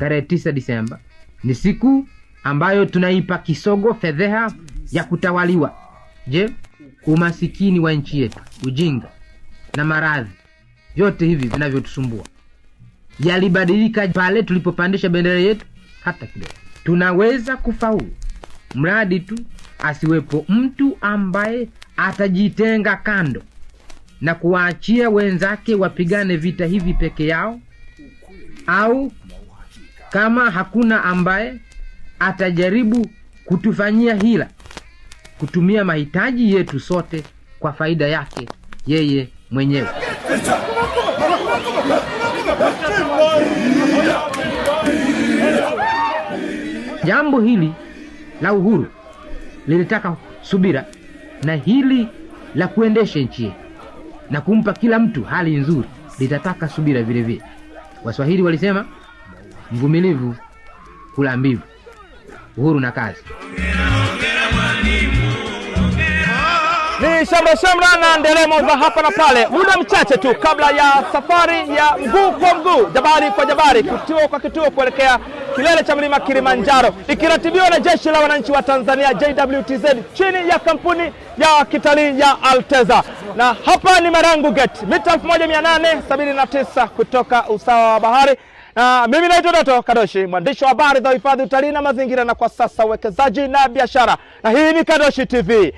tarehe 9 Disemba ni siku ambayo tunaipa kisogo fedheha ya kutawaliwa. Je, umasikini wa nchi yetu, ujinga na maradhi, vyote hivi vinavyotusumbua yalibadilika pale tulipopandisha bendera yetu hata kidogo. Tunaweza kufaulu mradi tu asiwepo mtu ambaye atajitenga kando na kuwaachia wenzake wapigane vita hivi peke yao, au kama hakuna ambaye atajaribu kutufanyia hila, kutumia mahitaji yetu sote kwa faida yake yeye mwenyewe. Jambo hili la uhuru lilitaka subira na hili la kuendesha nchi yetu na kumpa kila mtu hali nzuri litataka subira vilevile. Waswahili walisema mvumilivu, kula mbivu, uhuru na kazi. Ni shamra shamra na nderemo za hapa na pale, muda mchache tu kabla ya safari ya mguu kwa mguu, jabari kwa jabari, kituo kwa kituo, kuelekea kilele cha mlima Kilimanjaro, ikiratibiwa na Jeshi la Wananchi wa Tanzania JWTZ, chini ya kampuni ya kitalii ya Alteza. Na hapa ni Marangu Gate, mita 1879 kutoka usawa wa bahari. Na mimi naitwa Doto Kadoshi, mwandishi wa habari za uhifadhi utalii na mazingira, na kwa sasa uwekezaji na biashara, na hii ni Kadoshi TV.